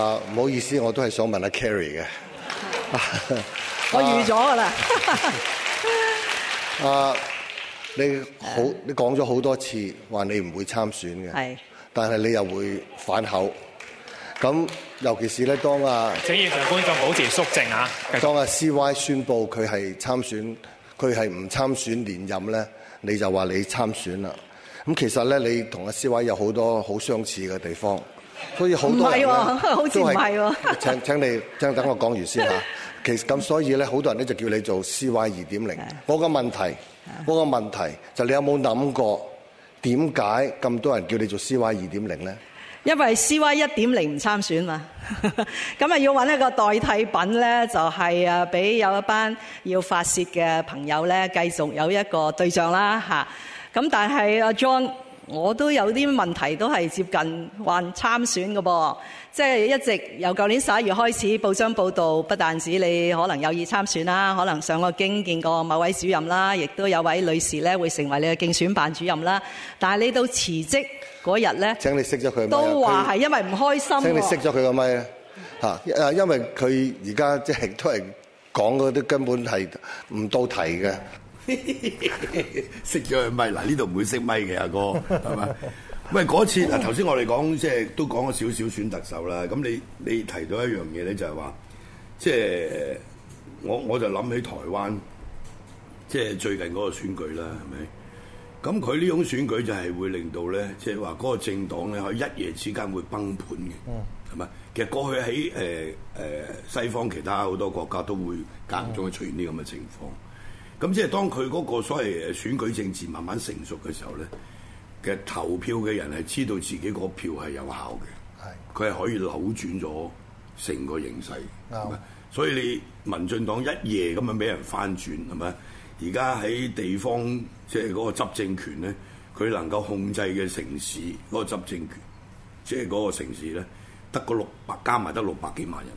啊，唔好意思，我都係想問阿 Carrie 嘅。 我預咗噶啦。啊 ，uh, 你好，你講咗好多次話你唔會參選嘅，係。但係你又會反口。咁尤其是咧，當啊請現場觀眾保持肅靜啊。當阿 CY 宣佈佢係參選，佢係唔參選連任咧，你就話你參選啦。咁其實咧，你同阿 CY 有好多好相似嘅地方。所以好多唔係喎，好似唔係喎。請你，請等我講完先吓。 其實咁，所以咧，好多人咧就叫你做 CY 二點零。 我個問題， 我個問題就你有冇諗過點解咁多人叫你做 CY 二點零咧？因為 CY 一點零唔參選嘛，咁 啊要搵一個代替品咧，就係誒俾有一班要發泄嘅朋友咧，繼續有一個對象啦吓，咁 但係阿 John。我都有啲問題，都係接近話參選嘅噃，即係一直由舊年十一月開始報章報道，不但止你可能有意參選啦，可能上過京見過某位主任啦，亦都有位女士咧會成為你嘅競選辦主任啦。但係你到辭職嗰日咧，請你熄咗佢。都話係因為唔開心。請你熄咗佢個咪？啊！嚇，誒，因為佢而家即係都係講嗰啲根本係唔到題嘅。識咗咪？嗱，呢度唔會識咪嘅阿哥，係咪？喂， 嗰次嗱，頭先我哋講即係都講咗少少選特首啦。咁你你提到一樣嘢咧，就係話，即係我我就諗起台灣，即係最近嗰個選舉啦，係咪？咁佢呢種選舉就係會令到咧，即係話嗰個政黨咧，可以一夜之間會崩盤嘅，係咪？嗯，其實過去喺誒誒西方其他好多國家都會間中出現呢咁嘅情況。嗯嗯咁即係當佢嗰個所謂誒選舉政治慢慢成熟嘅時候咧，其實投票嘅人係知道自己個票係有效嘅，係佢係可以扭轉咗成個形勢，no.。所以你民進黨一夜咁樣俾人翻轉係咪？而家喺地方即係嗰個執政權咧，佢能夠控制嘅城市嗰個執政權，即係嗰個城市咧，得個六百加埋得六百幾萬人，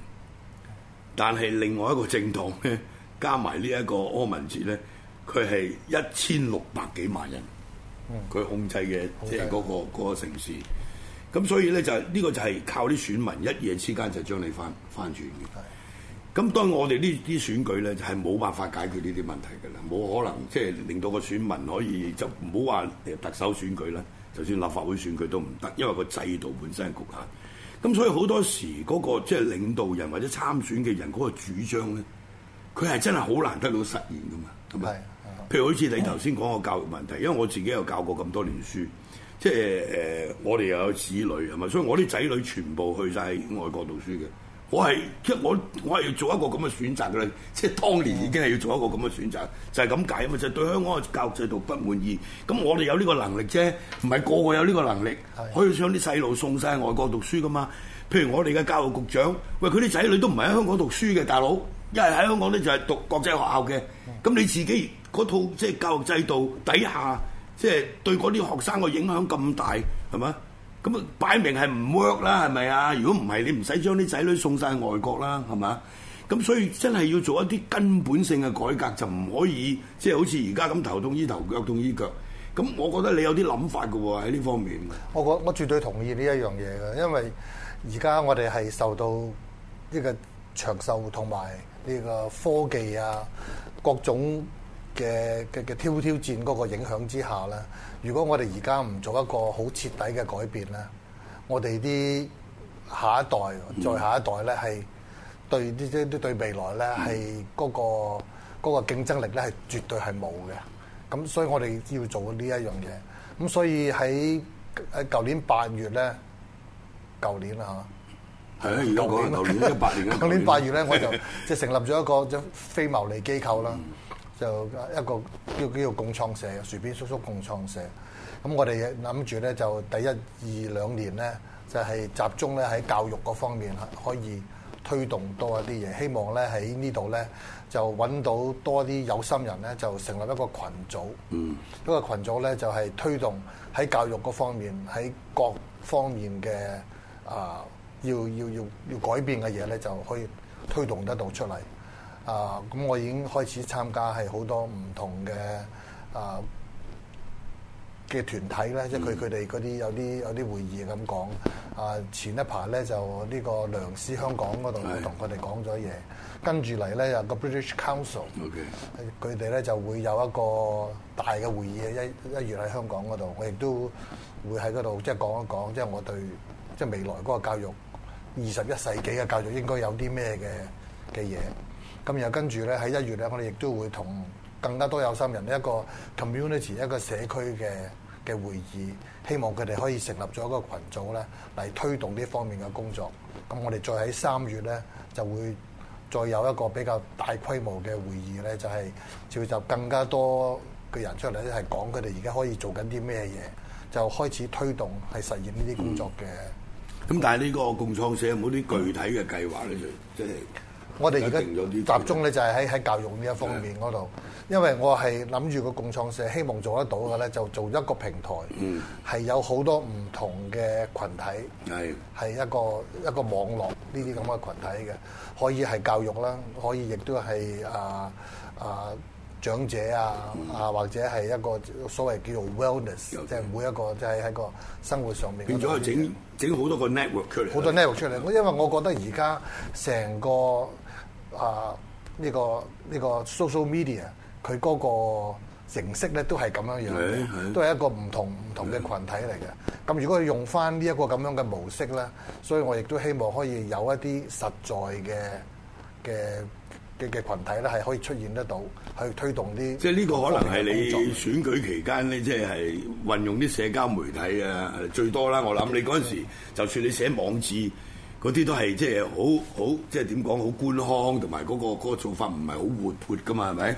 但係另外一個政黨咧。加埋呢一個柯文哲咧，佢係一千六百幾萬人，佢、嗯、控制嘅即係嗰個城市。咁所以咧就係呢、呢個就係靠啲選民一夜之間就將你翻翻轉嘅。咁當我哋呢啲選舉咧就係冇辦法解決呢啲問題㗎啦，冇可能即係、即係、令到個選民可以就唔好話特首選舉啦，就算立法會選舉都唔得，因為個制度本身係局限。咁所以好多時嗰、嗰個即係、即係、領導人或者參選嘅人嗰個主張咧。佢係真係好難得到實現噶嘛，咁啊，譬如好似你頭先講個教育問題、嗯，因為我自己又教過咁多年書，即係、呃、我哋又有子女係咪？所以我啲仔女全部去晒外國讀書嘅，我係即係我我係要做一個咁嘅選擇嘅咧，即係當年已經係要做一個咁嘅選擇，就係咁解啊嘛，就係就係、對香港嘅教育制度不滿意。咁我哋有呢個能力啫，唔係個個有呢個能力、嗯、可以將啲細路送晒外國讀書噶嘛？譬如我哋嘅教育局長，喂佢啲仔女都唔係喺香港讀書嘅大佬。因為喺香港咧，就係讀國際學校嘅。咁、嗯、你自己嗰套即係、就是、教育制度底下，即、就、係、是、對嗰啲學生個影響咁大，係嘛？咁擺明係唔 work 啦，係咪啊？如果唔係，你唔使將啲仔女送晒外國啦，係嘛？咁所以真係要做一啲根本性嘅改革，就唔可以即係、就是、好似而家咁頭痛醫頭，腳痛醫腳。咁我覺得你有啲諗法嘅喎，喺呢方面。我覺得我絕對同意呢一樣嘢嘅，因為而家我哋係受到呢個長壽同埋，呢個科技啊，各種嘅嘅嘅挑挑戰嗰個影響之下咧，如果我哋而家唔做一個好徹底嘅改變咧，我哋啲下一代、再下一代咧，係對啲即啲對未來咧，係嗰個嗰個競爭力咧，係絕對係冇嘅。咁所以我哋要做呢一樣嘢。咁所以喺喺舊年八月咧，舊年啦誒，而家嗰年舊年八年咧，舊年八月咧，我就即係成立咗一個即非牟利機構啦， 就一個叫叫做共創社，薯片叔叔共創社。咁我哋諗住咧，就第一二兩年咧，就係集中咧喺教育嗰方面可以推動多一啲嘢，希望咧喺呢度咧就揾到多啲有心人咧，就成立一個群組。嗯，一個群組咧就係推動喺教育嗰方面，喺各方面嘅啊。呃要要要要改變嘅嘢咧，就可以推動得到出嚟。啊，咁我已經開始參加係好多唔同嘅啊嘅團體咧，嗯、即係佢佢哋嗰啲有啲有啲會議咁講。啊，前一排咧就呢個良師香港嗰度同佢哋講咗嘢，跟住嚟咧有個 British Council OK，佢哋咧就會有一個大嘅會議一一月喺香港嗰度，我亦都會喺嗰度即係講一講，即係我對即係未來嗰個教育。二十一世紀嘅教育應該有啲咩嘅嘅嘢？咁又跟住咧喺一月咧，我哋亦都會同更加多有心人一個 community 一個社區嘅嘅會議，希望佢哋可以成立咗一個群組咧，嚟推動呢方面嘅工作。咁我哋再喺三月咧就會再有一個比較大規模嘅會議咧，就係召集更加多嘅人出嚟咧，係講佢哋而家可以做緊啲咩嘢，就開始推動係實現呢啲工作嘅。咁但係呢個共創社有冇啲具體嘅計劃咧？就即係我哋而家集中咧就係喺喺教育呢一方面嗰度，因為我係諗住個共創社希望做得到嘅咧，就做一個平台，係、嗯、有好多唔同嘅群體，係一個一個網絡呢啲咁嘅群體嘅，可以係教育啦，可以亦都係啊啊～啊長者啊啊，或者係一個所謂叫做 wellness，即係每一個即係喺個生活上面變咗，去整整好多個 network 出嚟，好多 network 出嚟。我因為我覺得而家成個啊呢個呢個 social media，佢嗰個形式咧都係咁樣樣，都係一個唔同唔同嘅群體嚟嘅。咁如果用翻呢一個咁樣嘅模式咧，所以我亦都希望可以有一啲實在嘅嘅。的嘅群體咧係可以出現得到，去推動啲。即係呢個可能係你選舉期間咧，即係運用啲社交媒體啊最多啦。我諗你嗰陣時，就算你寫網誌嗰啲都係即係好好，即係點講好官腔，同埋嗰個做法唔係好活潑㗎嘛？係咪？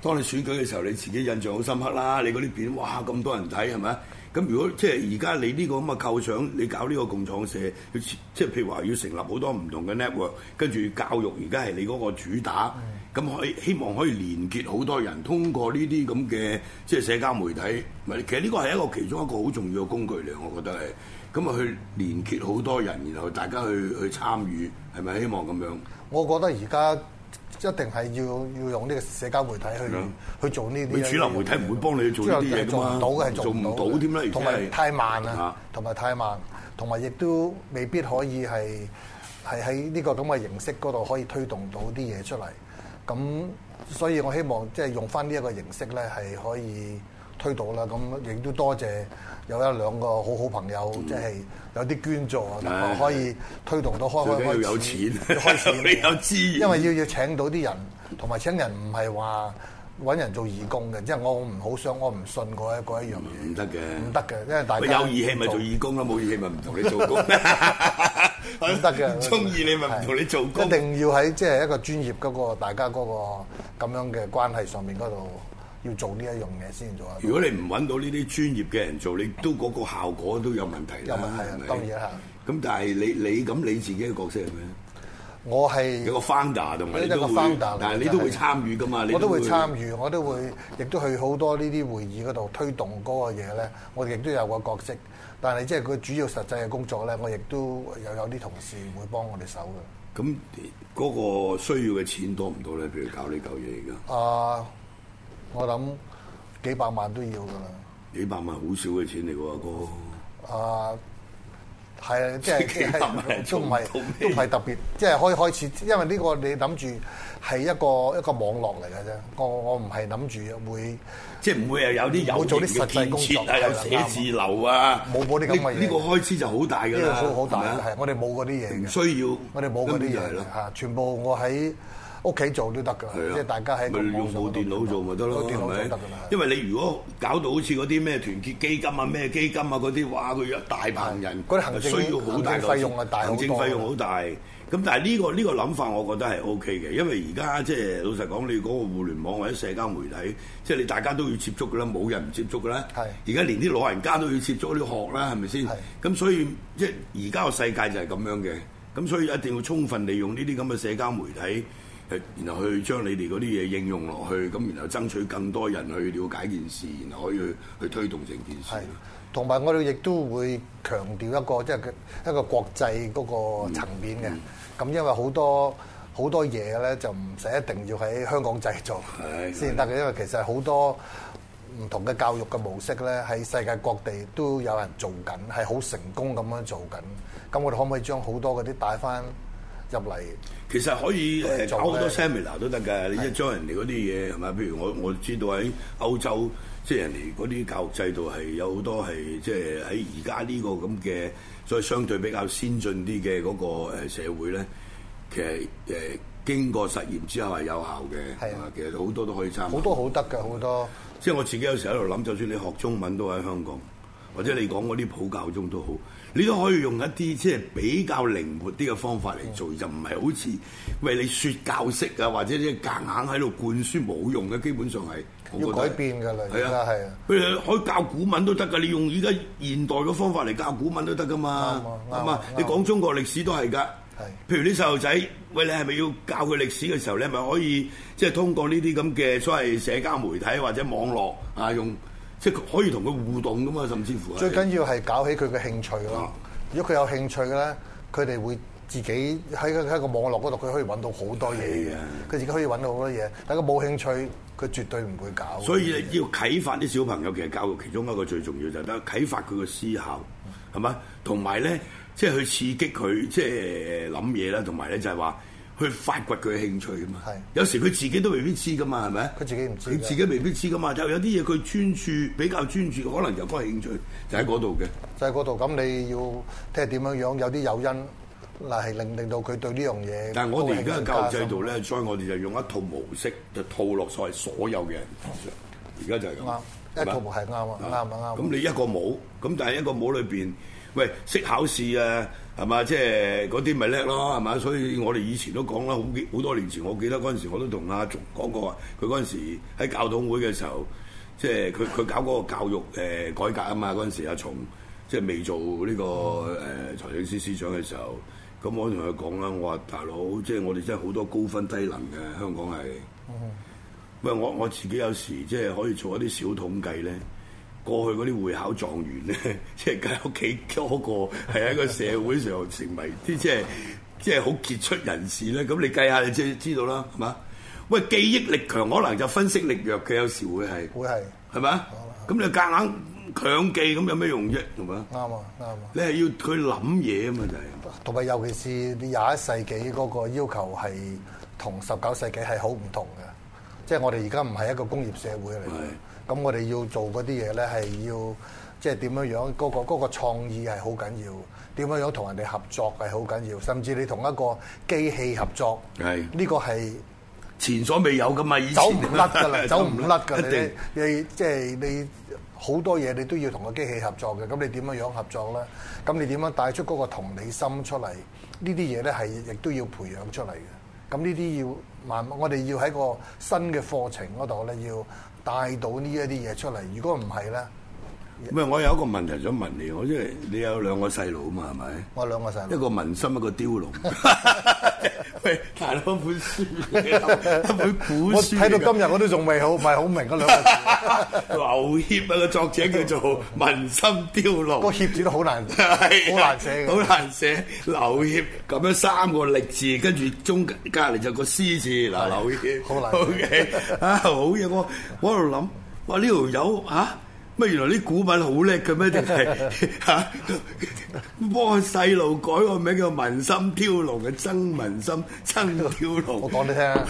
當你選舉嘅時候，你自己印象好深刻啦。你嗰啲片，哇咁多人睇係咪？咁如果即係而家你呢個咁嘅構想，你搞呢個共創社，要即係譬如話要成立好多唔同嘅 network，跟住教育而家係你嗰個主打，咁可以希望可以連結好多人，通過呢啲咁嘅即係社交媒體，其實呢個係一個其中一個好重要嘅工具嚟，我覺得係，咁啊去連結好多人，然後大家去去參與，係咪希望咁樣？我覺得而家。一定係要要用呢個社交媒體去去做呢啲嘢。你主流媒體唔會幫你做啲嘢，做唔到嘅，做唔到添啦，同埋太慢啦，同埋太慢，同埋亦都未必可以係係喺呢個咁嘅形式嗰度可以推動到啲嘢出嚟。咁所以我希望即係用翻呢一個形式咧，係可以，推到啦，咁亦都多謝有一兩個好好朋友，嗯、即係有啲捐助，哎、可以推動到開開開始。要有錢開，開始你有資源，因為要要請到啲人，同埋請人唔係話揾人做義工嘅，即、嗯、係、就是、我唔好想，我唔信嗰一一樣嘢。唔得嘅，唔得嘅，因為大家有義氣咪做義工咯，冇義氣咪唔同你做工。得 嘅，中意你咪唔同你做工。一定要喺即係一個專業嗰個大家嗰個咁樣嘅關係上面嗰度。要做呢一樣嘢先做。如果你唔揾到呢啲專業嘅人做，你都嗰、嗰個效果都有問題有問題，係當然啦。咁但係你你咁你自己嘅角色係咩？我係一個 founder 同埋，呢個 founder，但係你都會參與噶嘛、就係？我都會參與，我都會，亦都去好多呢啲會議嗰度推動嗰個嘢咧。我哋亦都有個角色，但係即係佢主要實際嘅工作咧，我亦都有有啲同事會幫我哋手嘅。咁嗰個需要嘅錢多唔多咧？譬如搞呢嚿嘢而家啊。Uh, 我諗幾百萬都要噶啦，幾百萬好少嘅錢嚟喎，阿哥。啊，係啊，即係都唔係都唔係特別，即係可以開始，因為呢個你諗住係一個一個網絡嚟嘅啫。我我唔係諗住會，即係唔會又有啲有形嘅建設啊，有寫字樓啊，冇冇啲咁嘅嘢。呢個開支就好大噶啦，呢個好大，係我哋冇嗰啲嘢嘅，需要我哋冇嗰啲嘢嚇，全部我喺屋企做都得㗎，啊，即係大家喺用部電腦做咪得咯，係咪？因為你如果搞到好似嗰啲咩團結基金啊、咩基金啊嗰啲話，佢大棚人嗰啲行政，需要好大費用啊，大行政費用好大，大。咁但係、這、呢個呢、這個諗法，我覺得係 O K 嘅，因為而家即係老實講，你嗰個互聯網或者社交媒體，即、就、係、是、你大家都要接觸噶啦，冇人唔接觸噶啦。係而家連啲老人家都要接觸啲學啦，係咪先？咁，所以即係而家個世界就係咁樣嘅。咁所以一定要充分利用呢啲咁嘅社交媒體。然後去將你哋嗰啲嘢應用落去，咁然後爭取更多人去了解件事，然後可以去推動成件事。係，同埋我哋亦都會強調一個即係、就是、一個國際嗰個層面嘅。咁、嗯嗯、因為好多好多嘢咧就唔使一定要喺香港製造先得嘅，因為其實好多唔同嘅教育嘅模式咧喺世界各地都有人做緊，係好成功咁樣做緊。咁我哋可唔可以將好多嗰啲帶翻入嚟，其實可以誒好多 seminar 都得㗎，的你一係將人哋嗰啲嘢係咪？譬如我我知道喺歐洲，即係人哋嗰啲教育制度係有好多係即係喺而家呢個咁嘅，所以相對比較先進啲嘅嗰個社會咧，其實誒經過實驗之後係有效嘅，係啊，其實好多都可以參考，好多好得㗎，好多。即係我自己有時喺度諗，就算你學中文都喺香港。或者你講嗰啲普教中都好，你都可以用一啲即係比較靈活啲嘅方法嚟做，嗯、就唔係好似喂，你説教式啊，或者即係夾硬喺度灌輸冇用嘅，基本上係要改變㗎啦。係啊係啊，譬如可以教古文都得㗎，你用依家現代嘅方法嚟教古文都得㗎嘛。嘛、嗯嗯，你講中國歷史都係㗎。係，譬如啲細路仔，喂，你係咪要教佢歷史嘅時候，你咪可以即係通過呢啲咁嘅所謂社交媒體或者網絡啊用。即係可以同佢互動噶嘛，甚至乎最緊要係搞起佢嘅興趣咯。啊、如果佢有興趣咧，佢哋會自己喺喺個網絡嗰度，佢可以揾到好多嘢。佢自己可以揾到好多嘢，但係佢冇興趣，佢絕對唔會搞。所以咧，要啟發啲小朋友，其實教育其中一個最重要就係得啟發佢嘅思考，係嘛？同埋咧，即係去刺激佢，即係諗嘢啦，同埋咧就係話。去發掘佢嘅興趣㗎嘛，有時佢自己都未必知㗎嘛，係咪？佢自己唔知，佢自己未必知㗎嘛。就有啲嘢佢專注比較專注，可能就嗰興趣就喺嗰度嘅。就喺嗰度，咁、就係、你要聽下點樣樣，有啲有因嗱係令令到佢對呢樣嘢。但係我哋而家嘅教育制度咧，所以我哋就用一套模式就套落晒所，所有嘅人。而、嗯、家就係咁啱，一套模係啱啊，啱啱啱。咁你一個帽，咁但係一個帽裏面。喂，識考試啊，係嘛？即係嗰啲咪叻咯，係嘛？所以我哋以前都講啦，好幾好多年前，我記得嗰陣時，我都同阿松講過啊。佢嗰陣時喺教統會嘅時候，即係佢佢搞嗰個教育誒改革啊嘛。嗰陣時阿松即係未做呢個誒、呃、財政司司長嘅時候，咁我同佢講啦，我話大佬，即係我哋真係好多高分低能嘅香港係。喂，我我自己有時即係可以做一啲小統計咧。過去嗰啲會考狀元咧，即係有幾多個係喺個社會上成為啲 即係即係好傑出人士咧？咁你計下，你即係知道啦，係嘛？喂，記憶力強，可能就分析力弱嘅，有時會係，會係，係嘛？咁、嗯、你夾硬強記咁有咩用啫？係嘛？啱、嗯、啊，啱、嗯、啊、嗯！你係要佢諗嘢啊嘛，就係、是嗯。同、嗯、埋、嗯、尤其是你廿一世紀嗰個要求係同十九世紀係好唔同嘅，即、就、係、是、我哋而家唔係一個工業社會嚟。咁我哋要做嗰啲嘢咧，係要即係點樣樣？嗰個嗰個創意係好緊要，點樣樣同人哋合作係好緊要。甚至你同一個機器合作，係呢個係前所未有噶嘛？走唔甩噶啦，走唔甩噶啦！你即係你好多嘢，你都要同個機器合作嘅。咁你點樣樣合作咧？咁你點樣帶出嗰個同理心出嚟？呢啲嘢咧係亦都要培養出嚟嘅。咁呢啲要慢慢我哋要喺個新嘅課程嗰度咧要。帶到呢一啲嘢出嚟，如果唔係咧，唔係我有一個問題想問你，我即係你有兩個細佬啊嘛，係咪？我有兩個細佬？一個文心，一個雕龍。 係嗰本書，一本古書。我睇到今日我都仲未好，唔係好明嗰兩個字。劉勰啊，個作者叫做文心雕龍。個勰字都好難，好難寫嘅，好難寫。劉勰咁樣三個力字，跟住中隔隔籬就個思字嗱。劉勰好難。O K，啊好嘢喎！我喺度諗，哇呢條友啊！乜原來啲古文好叻嘅咩？定係嚇幫細路改個名叫《文心雕龍》嘅《曾文心》《曾雕龍》。我講你聽啦，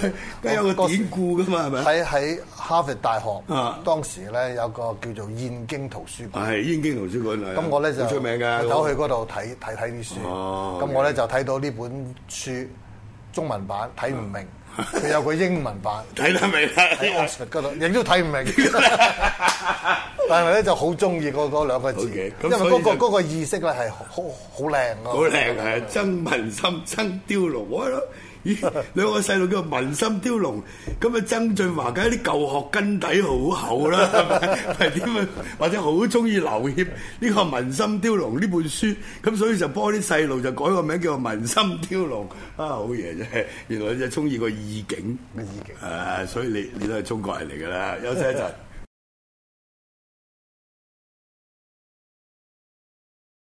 有個典故噶嘛，係咪？喺喺哈佛大學，啊、當時咧有個叫做燕京圖書館。係燕京圖書館那那書啊！咁我咧、okay. 就出名走去嗰度睇睇睇啲書。哦！咁我咧就睇到呢本書。中文版睇唔明，佢 有個英文版睇 得明啦，喺 Oxford 嗰度，亦都睇唔明。 但係咧就好中意嗰、嗰兩個字，okay, 因為嗰、嗰個嗰個意識咧係好好靚啊！好靚，真文心，真雕龍。咦，兩個細路叫做《文心雕龍》，咁啊，曾俊華梗係啲舊學根底好厚啦，係咪？係點啊？或者好中意留念呢個《文心雕龍》呢 本書，咁所以就幫啲細路就改個名叫做《文心雕龍》啊，啊，好嘢啫！原來即係中意個意境意境，啊所以你你都係中國人嚟㗎啦。休息一陣。